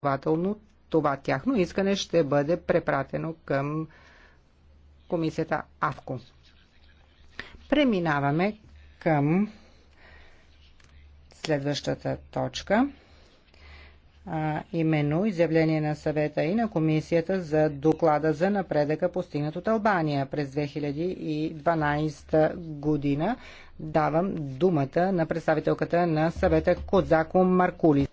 Следователно, това тяхно искане ще бъде препратено към комисията АВКО. Преминаваме към следващата точка, а именно изявление на съвета и на комисията за доклада за напредъка постигнат от Албания през 2012 година. Давам думата на представителката на съвета Козако Маркулис.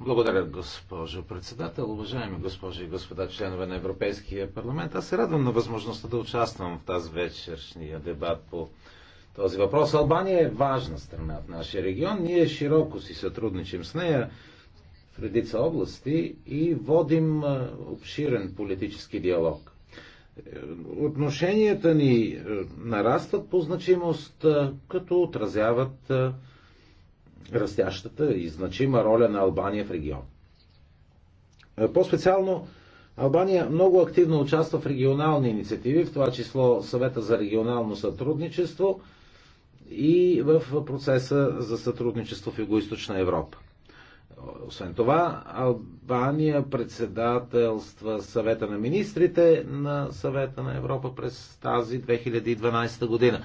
Благодаря, госпожо председател. Уважаеми госпожи и господа членове на Европейския парламент, аз се радвам на възможността да участвам в тази вечершния дебат по този въпрос. Албания е важна страна в нашия регион. Ние широко си сътрудничим с нея в редица области и водим обширен политически диалог. Е, отношенията ни е, нарастват по значимост, като отразяват растящата и значима роля на Албания в регион. Е, по-специално, Албания много активно участва в регионални инициативи, в това число съвета за регионално сътрудничество и в процеса за сътрудничество в Юго-Источна Европа. Освен това, Албания председателства съвета на министрите на съвета на Европа през тази 2012 година.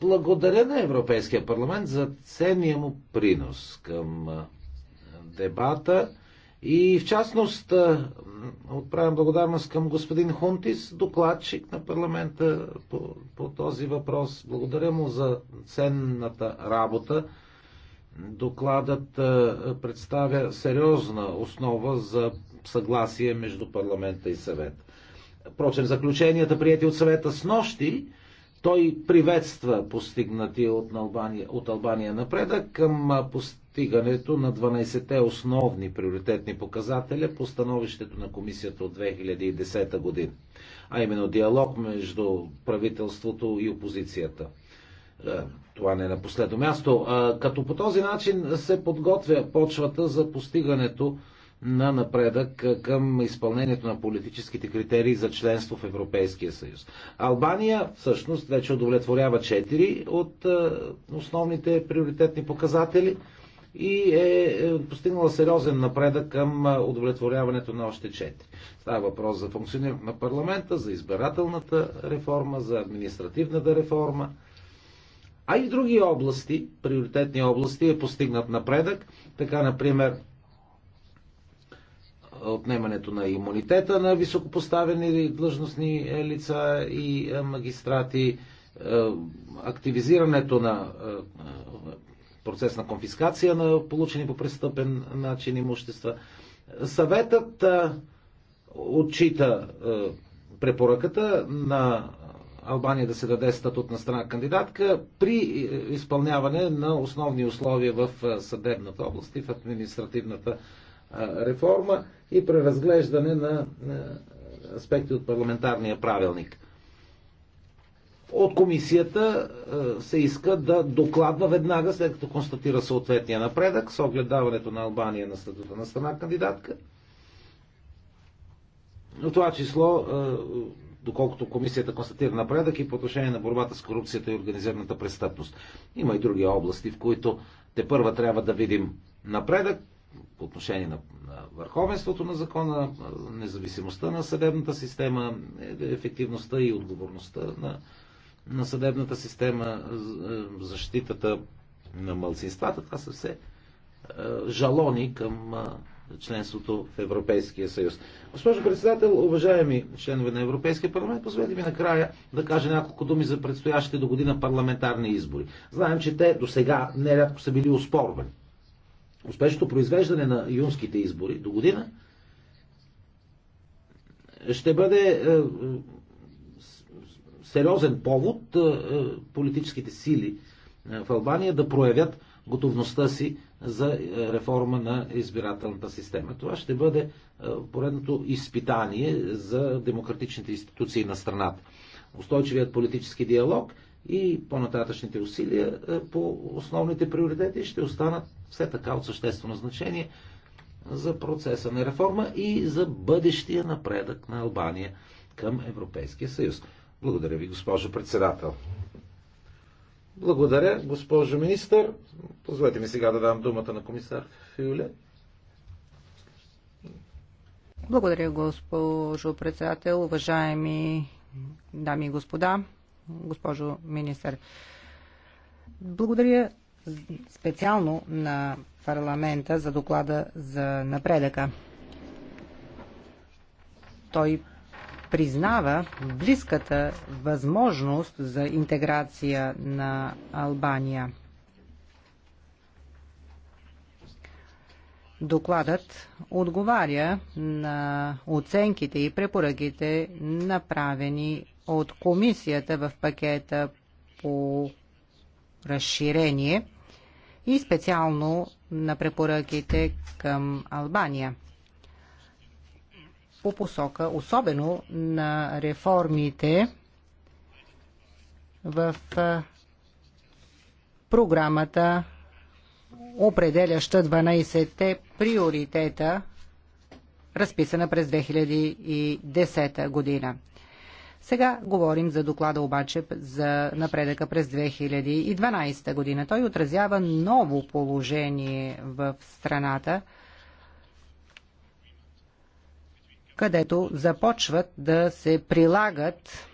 Благодаря на Европейския парламент за ценния му принос към дебата и в частност отправям благодарност към господин Хунтис, докладчик на парламента по, по този въпрос. Благодаря му за ценната работа. Докладът представя сериозна основа за съгласие между парламента и съвет. Впрочем, заключенията, прияти от съвета с нощи, той приветства постигнатия от Албания, от Албания напредък към постигането на 12-те основни приоритетни показателя по становището на комисията от 2010 година, а именно диалог между правителството и опозицията е, това не е на последно място, е, като по този начин се подготвя почвата за постигането на напредък към изпълнението на политическите критерии за членство в Европейския съюз. Албания всъщност вече удовлетворява 4 от основните приоритетни показатели и е, е постигнала сериозен напредък към удовлетворяването на още 4. Става въпрос за функционирането на парламента, за избирателната реформа, за административната реформа. А и в други области, приоритетни области, е постигнат напредък. Така, например, отнемането на имунитета на високопоставени длъжностни е, лица и е, магистрати, е, активизирането на процес на конфискация на получени по престъпен начин имущества. Съветът отчита препоръката на Албания да се даде статут на страна кандидатка при изпълняване на основни условия в съдебната област и в административната реформа и преразглеждане на аспекти от парламентарния правилник. От комисията се иска да докладва веднага, след като констатира съответния напредък, с оглед даването на Албания на статута на страна кандидатка. В това число, доколкото комисията констатира напредък и по отношение на борбата с корупцията и организираната престъпност. Има и други области, в които те първа трябва да видим напредък по отношение на, върховенството на закона, независимостта на съдебната система, е, е, ефективността и отговорността на, на съдебната система, е, защитата на мълцинствата. Това са все жалони към членството в Европейския съюз. Госпожо председател, уважаеми членове на Европейския парламент, позволете ми накрая да кажа няколко думи за предстоящите до година парламентарни избори. Знаем, че те до сега нерядко са били успорвани успешното произвеждане на юнските избори до година ще бъде е, е, сериозен повод е, политическите сили в Албания да проявят готовността си за реформа на избирателната система. Това ще бъде поредното изпитание за демократичните институции на страната. Устойчивият политически диалог и по-нататъчните усилия по основните приоритети ще останат все така от съществено значение за процеса на реформа и за бъдещия напредък на Албания към Европейския съюз. Благодаря ви, госпожо председател. Благодаря, госпожо министър. Позволете ми сега да дам думата на комисар Фюле. Благодаря, госпожо председател, уважаеми дами и господа, госпожо министър. Благодаря специално на парламента за доклада за напредъка. Той признава близката възможност за интеграция на Албания. Докладът отговаря на оценките и препоръките, направени от комисията в пакета по разширение – и специално на препоръките към Албания по посока, особено на реформите в програмата, определяща 12-те приоритета, разписана през 2010 година. Сега говорим за доклада обаче за напредъка през 2012 година. Той отразява ново положение в страната, където започват да се прилагат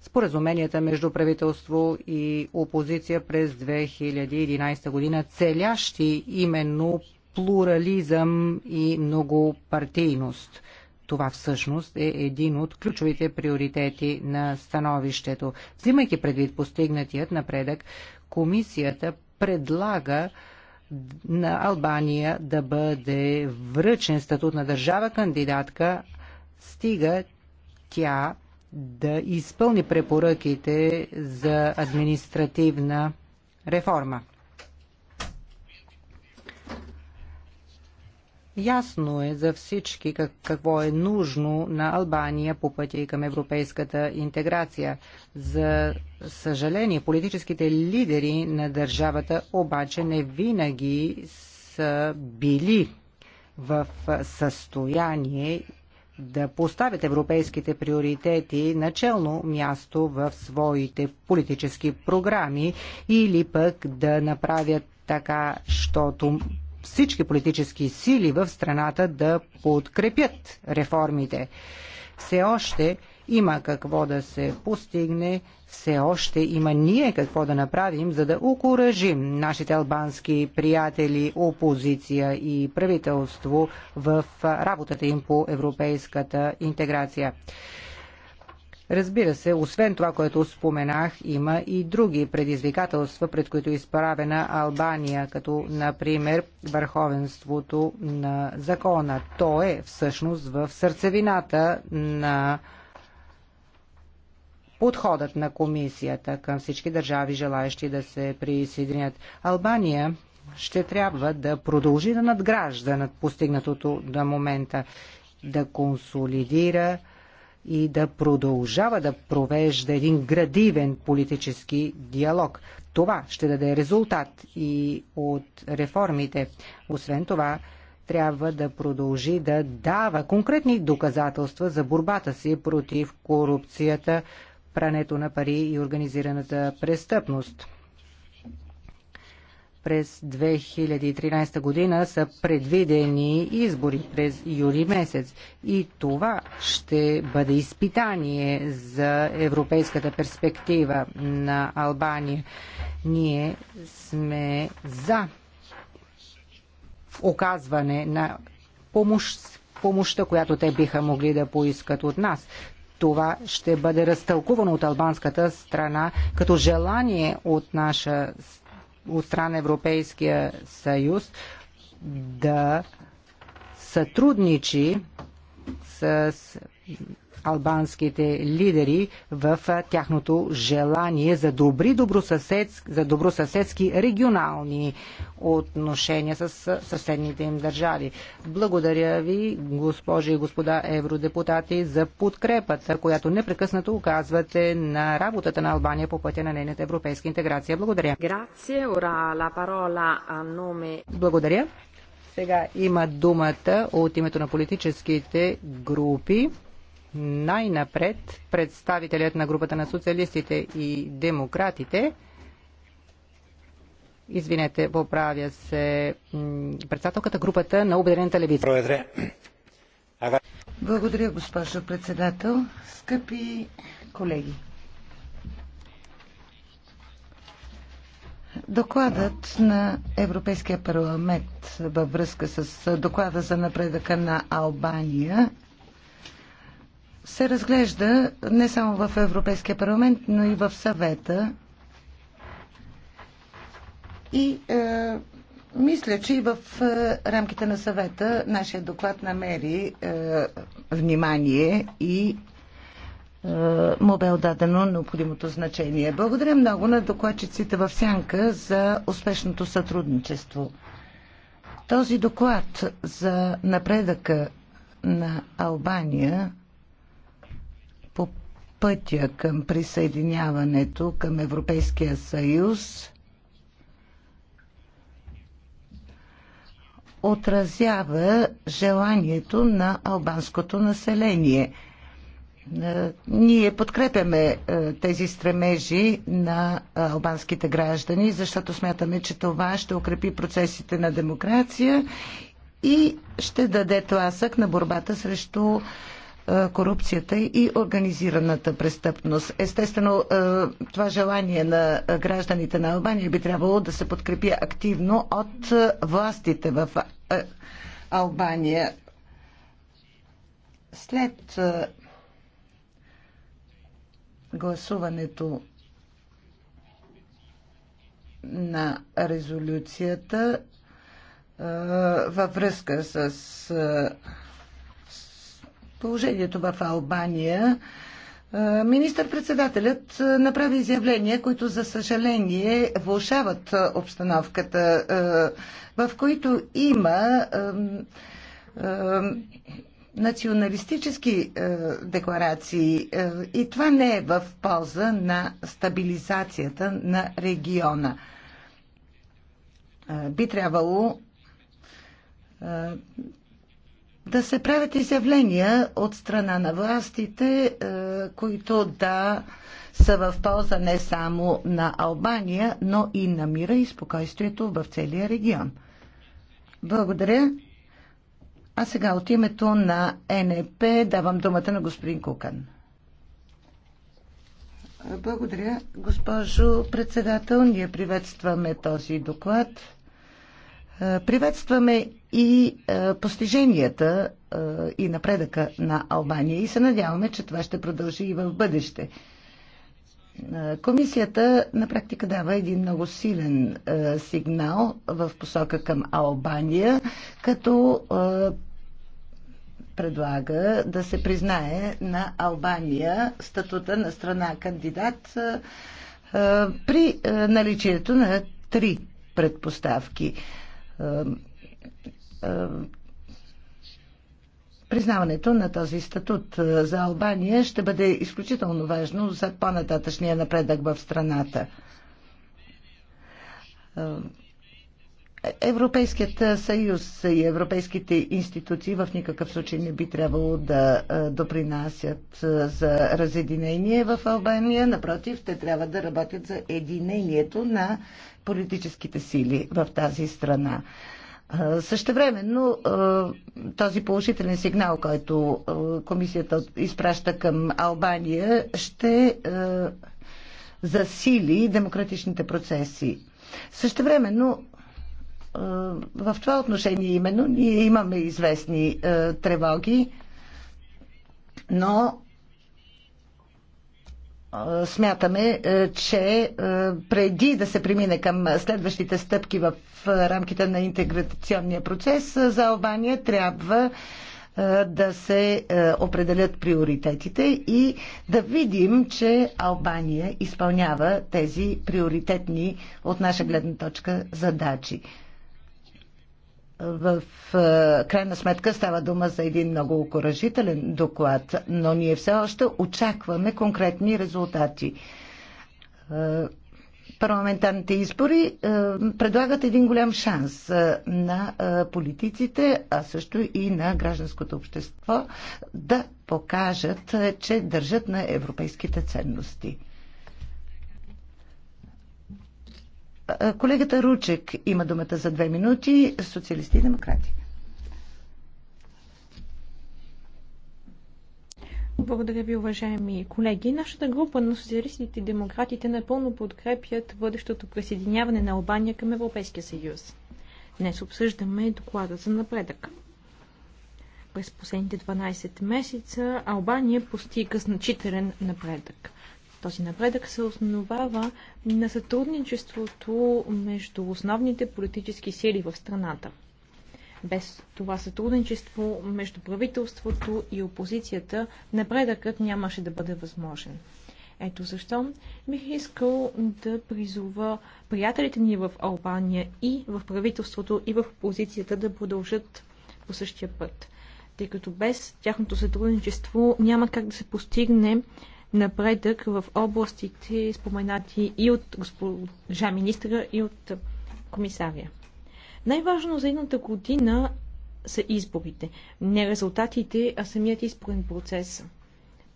споразуменията между правителство и опозиция през 2011 година, целящи именно плурализъм и многопартийност – това всъщност е един от ключовите приоритети на становището. Взимайки предвид постигнатият напредък, комисията предлага на Албания да бъде връчен статут на държава кандидатка, стига тя да изпълни препоръките за административна реформа. Ясно е за всички как, какво е нужно на Албания по пътя и към европейската интеграция. За съжаление, политическите лидери на държавата обаче не винаги са били в състояние да поставят европейските приоритети начално място в своите политически програми или пък да направят така, щото всички политически сили в страната да подкрепят реформите. Все още има какво да се постигне, все още има ние какво да направим, за да укоръжим нашите албански приятели, опозиция и правителство в работата им по европейската интеграция. Разбира се, освен това, което споменах, има и други предизвикателства, пред които е изправена Албания, като, например, върховенството на закона. То е всъщност в сърцевината на подходът на комисията към всички държави, желаящи да се присъединят. Албания ще трябва да продължи да надгражда над постигнатото до момента, да консолидира и да продължава да провежда един градивен политически диалог. Това ще даде резултат и от реформите. Освен това, трябва да продължи да дава конкретни доказателства за борбата си против корупцията, прането на пари и организираната престъпност през 2013 година са предвидени избори през юли месец. И това ще бъде изпитание за европейската перспектива на Албания. Ние сме за оказване на помощ, помощта, която те биха могли да поискат от нас това ще бъде разтълкувано от албанската страна като желание от наша страна от страна Европейския съюз да сътрудничи с албанските лидери в тяхното желание за добри добросъседски, за добросъседски регионални отношения с съседните им държави. Благодаря ви, госпожи и господа евродепутати, за подкрепата, която непрекъснато оказвате на работата на Албания по пътя на нейната европейска интеграция. Благодаря. Благодаря. Сега има думата от името на политическите групи най-напред представителят на групата на социалистите и демократите Извинете, поправя се председателката групата на Обединената левица. Благодаря, госпожо председател. Скъпи колеги, Докладът на Европейския парламент във връзка с доклада за напредъка на Албания се разглежда не само в Европейския парламент, но и в съвета. И е, мисля, че и в е, рамките на съвета нашия доклад намери е, внимание и е, му бе отдадено необходимото значение. Благодаря много на докладчиците в Сянка за успешното сътрудничество. Този доклад за напредъка на Албания по пътя към присъединяването към Европейския съюз отразява желанието на албанското население. Е, ние подкрепяме е, тези стремежи на албанските граждани, защото смятаме, че това ще укрепи процесите на демокрация и ще даде тласък на борбата срещу е, корупцията и организираната престъпност. Естествено, е, това желание на гражданите на Албания би трябвало да се подкрепи активно от властите в е, Албания. След гласуването на резолюцията във връзка с положението в Албания, Министър-председателят направи изявления, които за съжаление влушават обстановката, в които има националистически декларации и това не е в полза на стабилизацията на региона. Би трябвало да се правят изявления от страна на властите, е, които да са в полза не само на Албания, но и на мира и спокойствието в целия регион. Благодаря. А сега от името на НЕП давам думата на господин Кукан. Благодаря, госпожо председател. Ние приветстваме този доклад. Е, приветстваме и е, постиженията е, и напредъка на Албания и се надяваме, че това ще продължи и в бъдеще. Е, комисията на практика дава един много силен е, сигнал в посока към Албания, като е, предлага да се признае на Албания статута на страна кандидат е, е при е, наличието на три предпоставки. Е, е, признаването на този статут е, за Албания ще бъде изключително важно за по-нататъчния напредък в страната. Е, Европейският съюз и европейските институции в никакъв случай не би трябвало да допринасят за разединение в Албания. Напротив, те трябва да работят за единението на политическите сили в тази страна. Е, но е, този положителен сигнал, който е, комисията изпраща към Албания, ще засили демократичните процеси. но в това отношение именно ние имаме известни тревоги, но смятаме, е, че е, преди да се премине към следващите стъпки в е, рамките на интеграционния процес за Албания, трябва да се определят приоритетите и да видим, че Албания изпълнява тези приоритетни от наша гледна точка задачи в е, крайна сметка става дума за един много окоръжителен доклад, но ние все още очакваме конкретни резултати. Е, парламентарните избори е, предлагат един голям шанс на политиците, а също и на гражданското общество да покажат, че държат на европейските ценности. Колегата Ручек има думата за две минути. Социалисти и демократи. Благодаря ви, уважаеми колеги. Нашата група на социалистите и демократите напълно подкрепят бъдещото присъединяване на Албания към Европейския съюз. Днес обсъждаме доклада за напредък. През последните 12 месеца Албания постига значителен напредък. Този напредък се основава на сътрудничеството между основните политически сили в страната. Без това сътрудничество между правителството и опозицията напредъкът нямаше да бъде възможен. Ето защо бих искал да призова приятелите ни в Албания и в правителството и в опозицията да продължат по същия път. Тъй като без тяхното сътрудничество няма как да се постигне напредък в областите, споменати и от госпожа министра, и от комисария. Най-важно за едната година са изборите. Не резултатите, а самият изборен процес,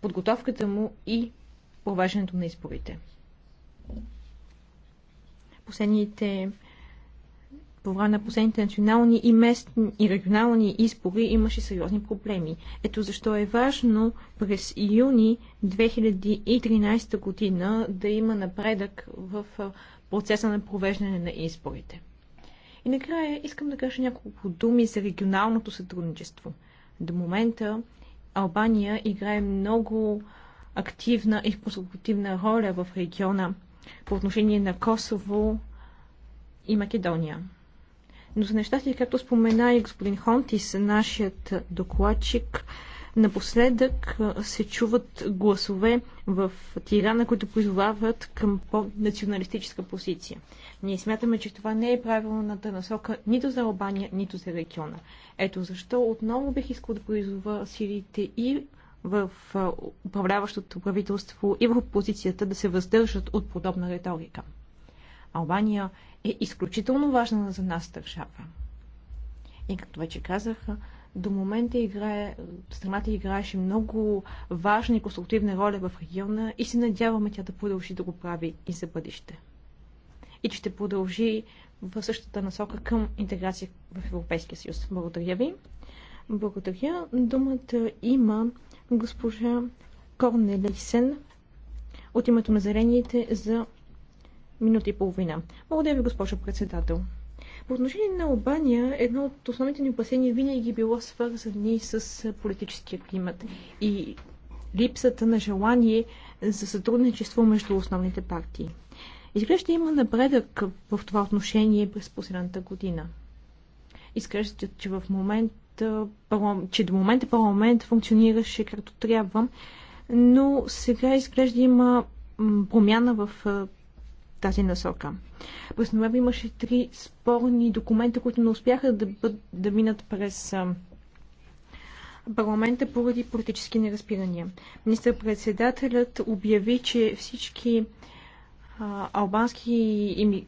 подготовката му и провеждането на изборите. Последните по време на последните национални и местни и регионални избори имаше сериозни проблеми. Ето защо е важно през юни 2013 година да има напредък в процеса на провеждане на изборите. И накрая искам да кажа няколко думи за регионалното сътрудничество. До момента Албания играе много активна и конструктивна роля в региона по отношение на Косово и Македония. Но за нещастие, както спомена и господин Хонтис, нашият докладчик, напоследък се чуват гласове в Тирана, които призовават към по-националистическа позиция. Ние смятаме, че това не е правилната насока нито за Албания, нито за региона. Ето защо отново бих искал да призова силите и в управляващото правителство и в опозицията да се въздържат от подобна риторика. Албания е изключително важна за нас държава. И както вече казах, до момента играе, страната играеше много важна и конструктивна роля в региона и се надяваме тя да продължи да го прави и за бъдеще. И че ще продължи в същата насока към интеграция в Европейския съюз. Благодаря ви. Благодаря. Думата има госпожа Корнелисен от името на Зелените за минута и половина. Благодаря ви, госпожо председател. По отношение на Албания, едно от основните ни опасения винаги било свързани с политическия климат и липсата на желание за сътрудничество между основните партии. Изглежда има напредък в това отношение през последната година. Изглежда, че в момента, че до момента парламент функционираше както трябва, но сега изглежда има промяна в тази насока. През ноември имаше три спорни документа, които не успяха да, бъд, да минат през парламента поради политически неразпирания. Министър-председателят обяви, че всички а, албански ами,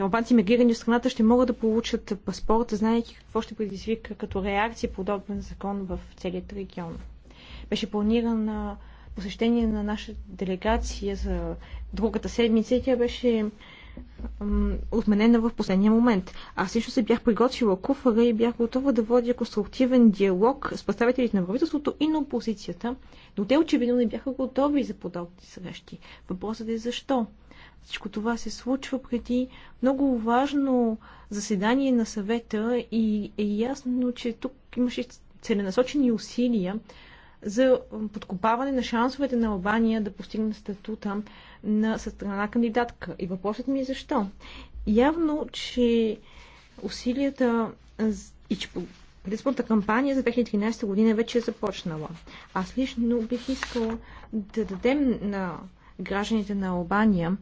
албанци мигрирани в страната ще могат да получат паспорт, знаеки какво ще предизвика като реакция подобен закон в целият регион. Беше планирана посещение на нашата делегация за другата седмица и тя беше отменена в последния момент. Аз лично се бях приготвила куфара и бях готова да водя конструктивен диалог с представителите на правителството и на опозицията, но те очевидно не бяха готови за подобни срещи. Въпросът е защо? Всичко това се случва преди много важно заседание на съвета и е ясно, че тук имаше целенасочени усилия за подкопаване на шансовете на Албания да постигне статута на страна кандидатка. И въпросът ми е защо. Явно, че усилията и че предизборната кампания за 2013 година вече е започнала. Аз лично бих искала да дадем на гражданите на Албания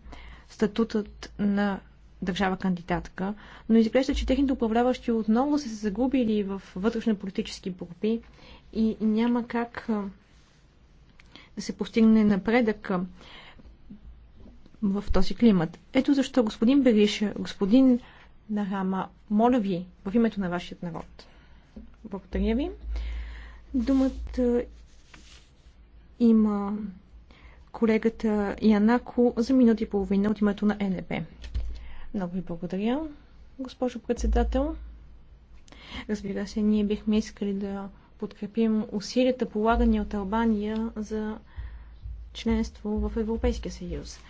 статутът на държава кандидатка, но изглежда, че техните управляващи отново са се загубили в вътрешно-политически борби и няма как да се постигне напредък в този климат. Ето защо, господин Бериша, господин Нарама, моля ви в името на вашият народ. Благодаря ви. Думата има колегата Янако за минути и половина от името на НЕП. Много ви благодаря, госпожо председател. Разбира се, ние бихме искали да подкрепим усилията, полагани от Албания за членство в Европейския съюз.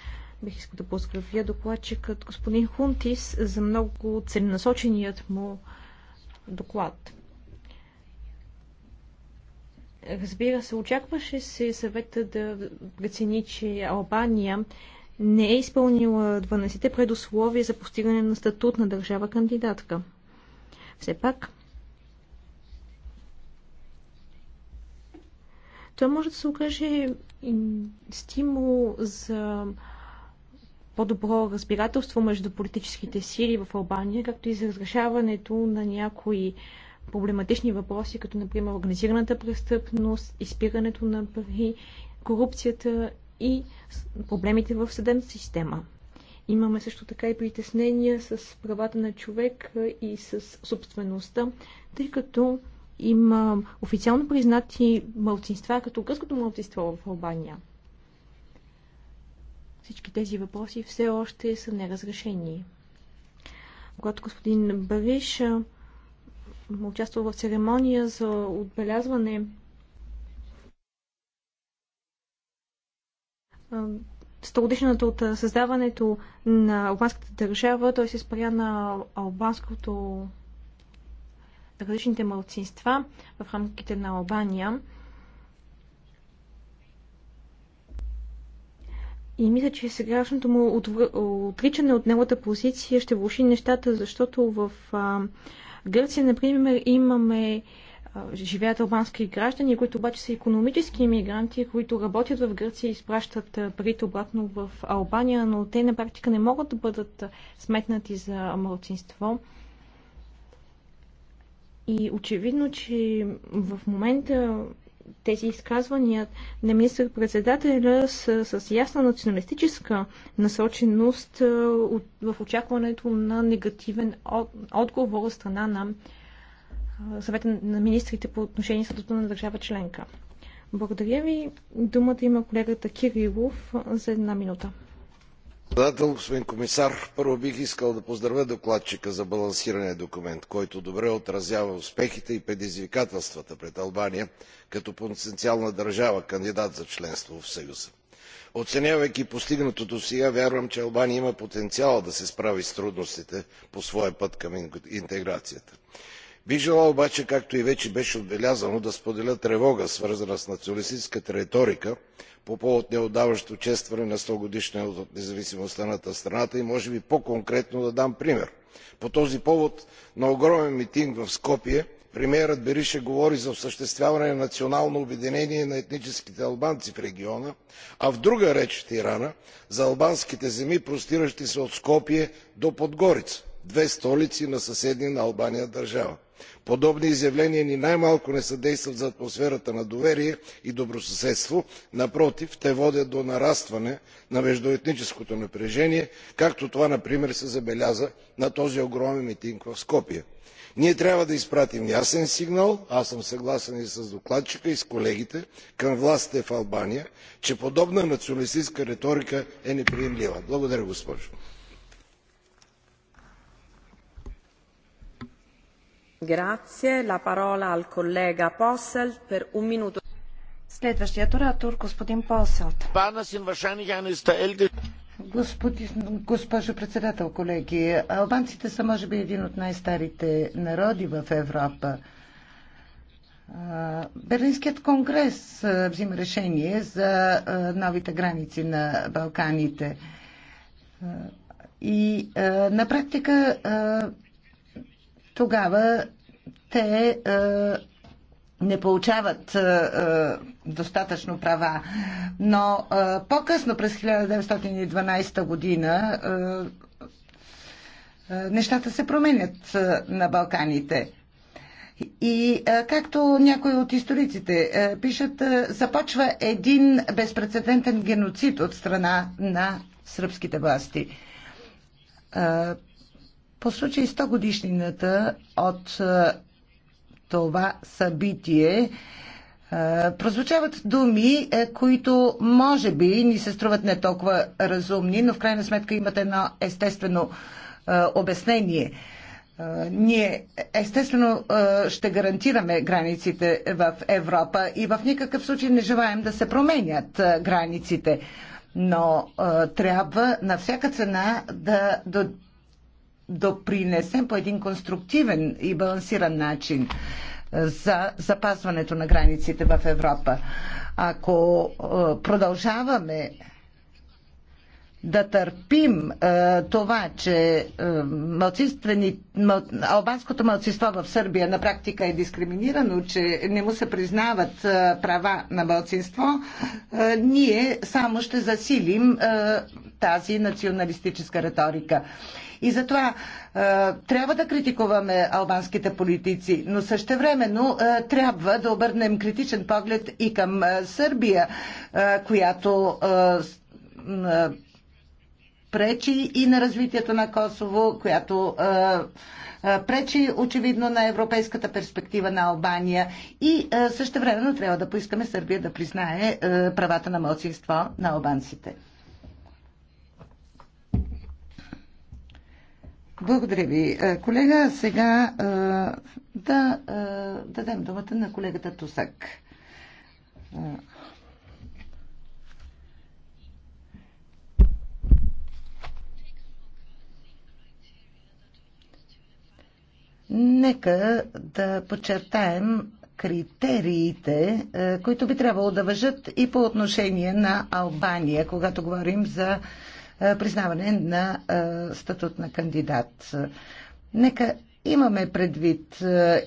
Бих искал да поздравя докладчикът господин Хунтис за много целенасоченият му доклад. Разбира се, очакваше се съвета да прецени, че Албания не е изпълнила 12-те предусловия за постигане на статут на държава кандидатка. Все пак, Той може да се окаже стимул за по-добро разбирателство между политическите сили в Албания, както и за разрешаването на някои проблематични въпроси, като например организираната престъпност, изпирането на пари, корупцията и проблемите в съдебната система. Имаме също така и притеснения с правата на човек и с собствеността, тъй като има официално признати мълцинства, като гръцкото мълцинство в Албания. Всички тези въпроси все още са неразрешени. Когато господин Бариш участвал в церемония за отбелязване столодишната от създаването на албанската държава, той се спря на албанското различните малцинства в рамките на Албания. И мисля, че сегашното му отричане от неговата позиция ще влуши нещата, защото в Гърция, например, имаме живеят албански граждани, които обаче са економически иммигранти, които работят в Гърция и изпращат парите обратно в Албания, но те на практика не могат да бъдат сметнати за малцинство. И очевидно, че в момента тези изказвания на министър-председателя са с ясна националистическа насоченост в очакването на негативен отговор от страна на съвета на министрите по отношение статута на държава членка. Благодаря ви. Думата има колегата Кирилов за една минута. Председател, господин комисар, първо бих искал да поздравя докладчика за балансирания документ, който добре отразява успехите и предизвикателствата пред Албания като потенциална държава кандидат за членство в Съюза. Оценявайки постигнатото сега, вярвам, че Албания има потенциала да се справи с трудностите по своя път към интеграцията бих желал обаче както и вече беше отбелязано да споделя тревога свързана с националистическата риторика по повод неотдавнашното честване на сто стогодишнина от независимостта на страната и може би по конкретно да дам пример. по този повод на огромен митинг в скопие премиерът бериша говори за осъществяване на национално обединение на етническите албанци в региона а в друга реч в тирана за албанските земи простиращи се от скопие до подгорица две столици на съседни на албания държава подобни изявления ни най малко не съдействат за атмосферата на доверие и добросъседство напротив те водят до нарастване на междуетническото напрежение както това например се забеляза на този огромен митинг в скопие. ние трябва да изпратим ясен сигнал аз съм съгласен и с докладчика и с колегите към властите в албания че подобна националистическа риторика е неприемлива. благодаря госпожо Следващият господин госпожо председател, колеги, албанците са може би един от най-старите народи в Европа. Берлинският конгрес взима решение за новите граници на Балканите. И на практика тогава те е, не получават а, е, а, е, достатъчно права. Но по-късно през 1912 година а, нещата се променят а, на Балканите. И а, както някои от историците а, пишат, а, започва един безпредседентен геноцид от страна на сръбските власти по случай 100 годишнината от това събитие прозвучават думи, които може би ни се струват не толкова разумни, но в крайна сметка имат едно естествено обяснение. Ние естествено ще гарантираме границите в Европа и в никакъв случай не желаем да се променят границите но трябва на всяка цена да допринесем по един конструктивен и балансиран начин е, за запазването на границите в Европа. Ако е, продължаваме да търпим е, това, че е, албанското мълцинство в Сърбия на практика е дискриминирано, че не му се признават е, права на мълцинство, е, ние само ще засилим е, тази националистическа риторика. И затова е, трябва да критикуваме албанските политици, но същевременно е, трябва да обърнем критичен поглед и към е, Сърбия, е, която е, е пречи и на развитието на Косово, която пречи очевидно на европейската перспектива на Албания и също времено трябва да поискаме Сърбия да признае правата на младсинство на албанците. Благодаря ви, колега. Сега да дадем думата на колегата Тусак. Нека да подчертаем критериите, е, които би трябвало да въжат и по отношение на Албания, когато говорим за е, признаване на е, статут на кандидат. Нека имаме предвид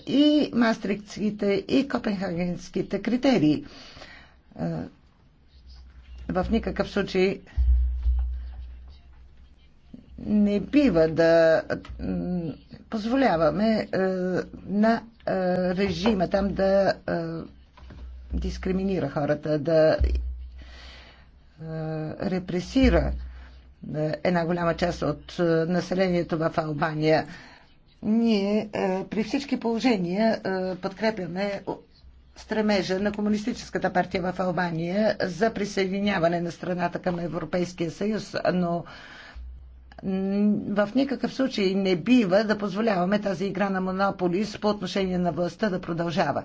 и мастрикските, и копенхагенските критерии. В никакъв случай не бива да позволяваме е, на е, режима там да е, дискриминира хората, да репресира една голяма част от населението в Албания. Ние при всички положения подкрепяме стремежа на Комунистическата партия в Албания за присъединяване на страната към Европейския съюз, но в никакъв случай не бива да позволяваме тази игра на монополис по отношение на властта да продължава.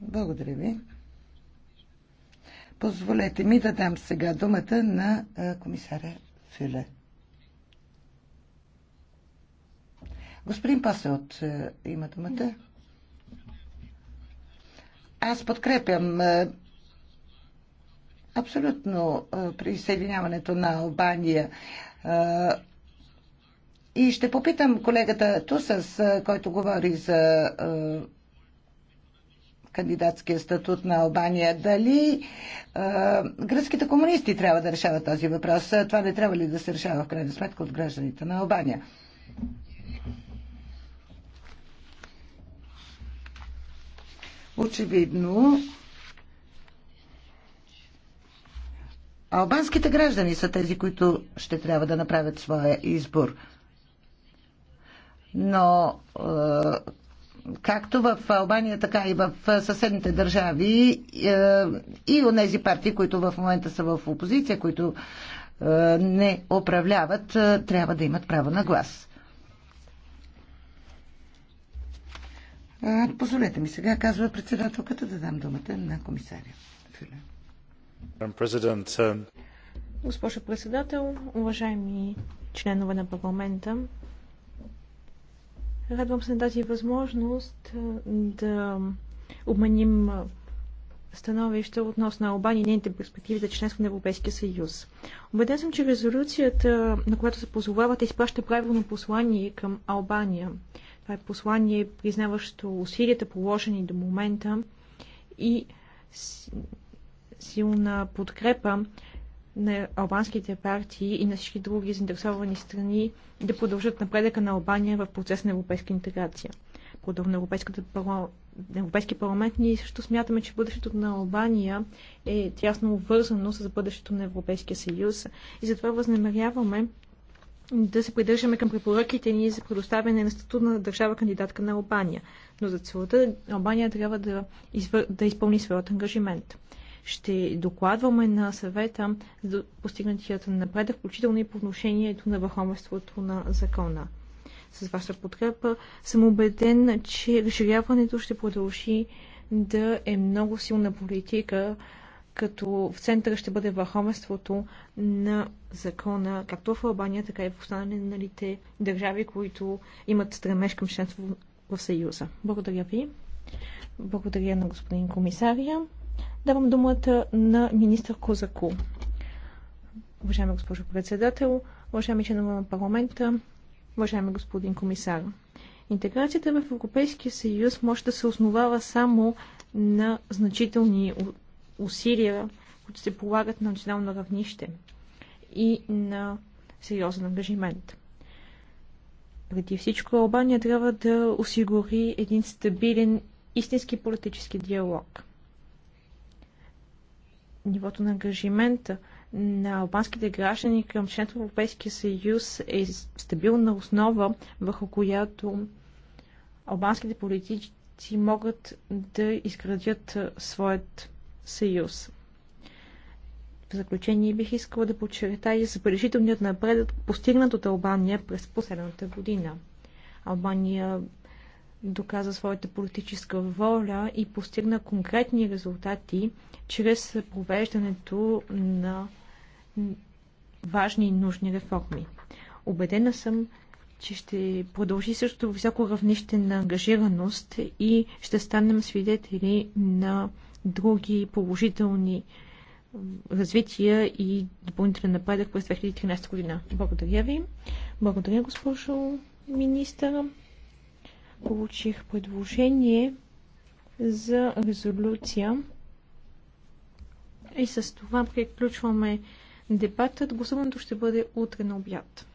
Благодаря ви. Позволете ми да дам сега думата на комисаря Фюле. Господин Пасеот има думата. Аз подкрепям абсолютно присъединяването на Албания. И ще попитам колегата Тусас, който говори за кандидатския статут на Албания. Дали а, гръцките комунисти трябва да решават този въпрос? Това не трябва ли да се решава в крайна сметка от гражданите на Албания? Очевидно, Албанските граждани са тези, които ще трябва да направят своя избор. Но е, както в Албания, така и в съседните държави е, и от тези партии, които в момента са в опозиция, които е, не управляват, трябва да имат право на глас. Позволете ми сега, казва председателката, да дам думата на комисаря. Um, Госпожо председател, уважаеми членове на парламента, радвам се на тази възможност да обменим становище относно Албания и нейните перспективи за членство на Европейския съюз. Обеден съм, че резолюцията, на която се позовавате, изпраща правилно послание към Албания. Това е послание, признаващо усилията, положени до момента и силна подкрепа на албанските партии и на всички други заинтересовани страни да продължат напредъка на Албания в процес на европейска интеграция. Подобно на Европейския парламент ние също смятаме, че бъдещето на Албания е тясно обвързано с бъдещето на Европейския съюз и затова възнамеряваме да се придържаме към препоръките ни за предоставяне на статут на държава кандидатка на Албания. Но за целта Албания трябва да, извър... да изпълни своят ангажимент. Ще докладваме на съвета за постигнатият напредък, включително и по отношението на върховенството на закона. С ваша подкрепа съм убеден, че разширяването ще продължи да е много силна политика, като в центъра ще бъде върховенството на закона, както в Албания, така и в останалите държави, които имат стремеж към членство в Съюза. Благодаря ви. Благодаря на господин комисария. Давам думата на министър Козако. Уважаема госпожо председател, уважаеми членове на парламента, уважаеми господин комисар. Интеграцията в Европейския съюз може да се основава само на значителни усилия, които се полагат на национално равнище и на сериозен ангажимент. Преди всичко Албания трябва да осигури един стабилен истински политически диалог – нивото на ангажимента на албанските граждани към членството в Европейския съюз е стабилна основа, върху която албанските политици могат да изградят своят съюз. В заключение бих искала да подчертая забележителният напредък, постигнат от Албания през последната година. Албания доказа своята политическа воля и постигна конкретни резултати чрез провеждането на важни и нужни реформи. Обедена съм, че ще продължи също високо равнище на ангажираност и ще станем свидетели на други положителни развития и допълнителен напредък през 2013 година. Благодаря ви. Благодаря, госпожо министър получих предложение за резолюция. И с това приключваме дебатът. Гласуването ще бъде утре на обяд.